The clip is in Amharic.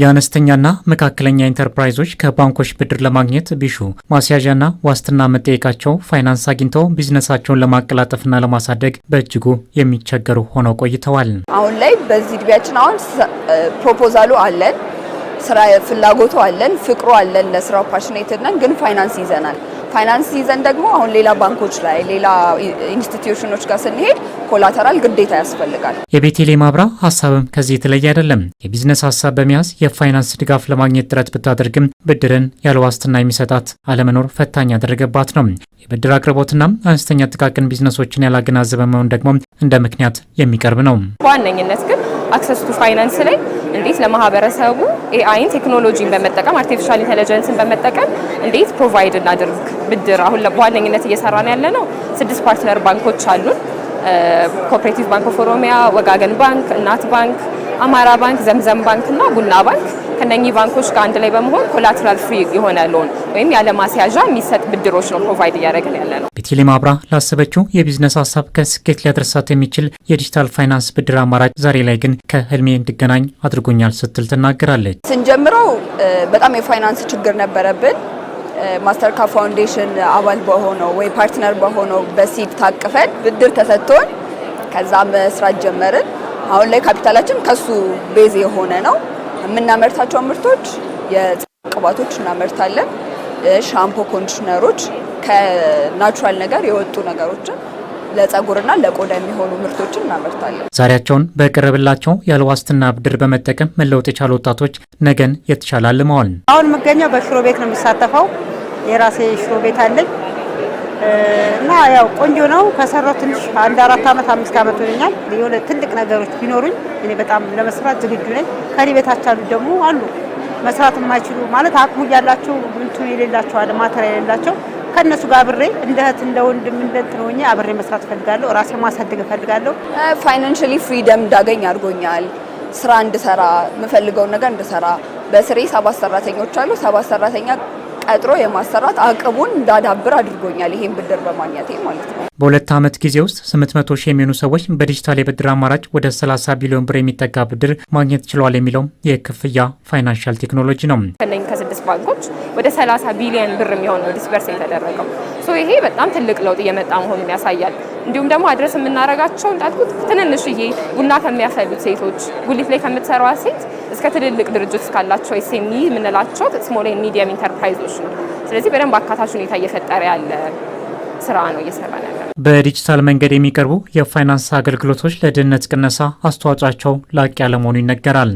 የአነስተኛና መካከለኛ ኢንተርፕራይዞች ከባንኮች ብድር ለማግኘት ቢሹ ማስያዣና ዋስትና መጠየቃቸው ፋይናንስ አግኝተው ቢዝነሳቸውን ለማቀላጠፍና ለማሳደግ በእጅጉ የሚቸገሩ ሆነው ቆይተዋል። አሁን ላይ በዚህ እድሜያችን አሁን ፕሮፖዛሉ አለን፣ ስራ ፍላጎቱ አለን፣ ፍቅሩ አለን፣ ለስራው ፓሽኔትድ ነን፣ ግን ፋይናንስ ይዘናል። ፋይናንስ ይዘን ደግሞ አሁን ሌላ ባንኮች ላይ ሌላ ኢንስቲትዩሽኖች ጋር ስንሄድ ኮላተራል ግዴታ ያስፈልጋል። የቤቴሌ ማብራ ሀሳብም ከዚህ የተለየ አይደለም። የቢዝነስ ሀሳብ በመያዝ የፋይናንስ ድጋፍ ለማግኘት ጥረት ብታደርግም ብድርን ያለ ዋስትና የሚሰጣት አለመኖር ፈታኝ ያደረገባት ነው። የብድር አቅርቦትና አነስተኛ ጥቃቅን ቢዝነሶችን ያላገናዘበ መሆን ደግሞ እንደ ምክንያት የሚቀርብ ነው። በዋነኝነት ግን አክሰስ ቱ ፋይናንስ ላይ እንዴት ለማህበረሰቡ ኤአይን ቴክኖሎጂን በመጠቀም አርቲፊሻል ኢንቴለጀንስን በመጠቀም እንዴት ፕሮቫይድ እናድርግ ብድር አሁን በዋነኝነት ነው ያለ ነው። ስድስት ፓርትነር ባንኮች አሉን። ኮኦፕሬቲቭ ባንክ ኦፍ ኦሮሚያ፣ ወጋገን ባንክ፣ እናት ባንክ፣ አማራ ባንክ፣ ዘምዘም ባንክ እና ቡና ባንክ ከነኚህ ባንኮች ጋር አንድ ላይ በመሆን ኮላትራል ፍሪ የሆነ ሎን ወይም ያለ ማስያዣ የሚሰጥ ብድሮች ነው ፕሮቫይድ እያደረግን ያለ ነው። ቤቴሌ ማብራ ላሰበችው የቢዝነስ ሀሳብ ከስኬት ሊያደርሳት የሚችል የዲጂታል ፋይናንስ ብድር አማራጭ ዛሬ ላይ ግን ከህልሜ እንድገናኝ አድርጎኛል ስትል ትናገራለች። ስንጀምረው በጣም የፋይናንስ ችግር ነበረብን። ማስተርካርድ ፋውንዴሽን አባል በሆነው ወይ ፓርትነር በሆነው በሲድ ታቅፈን ብድር ተሰጥቶን ከዛ መስራት ጀመርን። አሁን ላይ ካፒታላችን ከሱ ቤዝ የሆነ ነው። የምናመርታቸው ምርቶች የቅባቶች እናመርታለን፣ ሻምፖ፣ ኮንዲሽነሮች ከናቹራል ነገር የወጡ ነገሮችን ለጸጉርና ለቆዳ የሚሆኑ ምርቶችን እናመርታለን። ዛሬያቸውን በቀረበላቸው ያለ ዋስትና ብድር በመጠቀም መለወጥ የቻሉ ወጣቶች ነገን የተሻለ አልመዋል። አሁን የምገኘው በሽሮ ቤት ነው የምሳተፈው የራሴ ሽሮ ቤት አለኝ እና ያው ቆንጆ ነው ከሰራው ትንሽ አንድ አራት ዓመት አምስት ዓመት ሆነኛል። የሆነ ትልቅ ነገሮች ቢኖሩኝ እኔ በጣም ለመስራት ዝግጁ ነኝ። ከኔ በታች ያሉት ደግሞ አሉ መስራት የማይችሉ ማለት አቅሙ ያላቸው እንትኑ የሌላቸው አለ ማተሪያ የሌላቸው ከእነሱ ጋር አብሬ እንደ እህት እንደ ወንድም እንደ እንትን ሆኜ አብሬ መስራት እፈልጋለሁ። ራሴ ማሳደግ እፈልጋለሁ። ፋይናንሽሊ ፍሪደም እንዳገኝ አድርጎኛል። ስራ እንድሰራ የምፈልገውን ነገር እንድሰራ በስሬ ሰባት ሰራተኞች አሉ። ሰባት ሰራተኛ ቀጥሮ የማሰራት አቅሙን እንዳዳብር አድርጎኛል። ይህም ብድር በማግኘቴ ማለት ነው። በሁለት ዓመት ጊዜ ውስጥ 800 ሺህ የሚሆኑ ሰዎች በዲጂታል የብድር አማራጭ ወደ 30 ቢሊዮን ብር የሚጠጋ ብድር ማግኘት ችለዋል የሚለው የክፍያ ፋይናንሻል ቴክኖሎጂ ነው። ከነኝ ከስድስት ባንኮች ወደ 30 ቢሊዮን ብር የሚሆን ዲስበርስ የተደረገው ይሄ በጣም ትልቅ ለውጥ እየመጣ መሆኑን ያሳያል። እንዲሁም ደግሞ አድረስ የምናደርጋቸው እንዳልኩት ትንንሽዬ ቡና ከሚያፈሉት ሴቶች ጉሊት ላይ ከምትሰራ ሴት እስከ ትልልቅ ድርጅት እስካላቸው ኤስ የምንላቸው ስሞል ኤንድ ሚዲየም ኢንተርፕራይዞች ነው። ስለዚህ በደንብ አካታች ሁኔታ እየፈጠረ ያለ ስራ ነው እየሰራ ያለ። በዲጂታል መንገድ የሚቀርቡ የፋይናንስ አገልግሎቶች ለድህነት ቅነሳ አስተዋጽኦአቸው ላቅ ያለመሆኑ ይነገራል።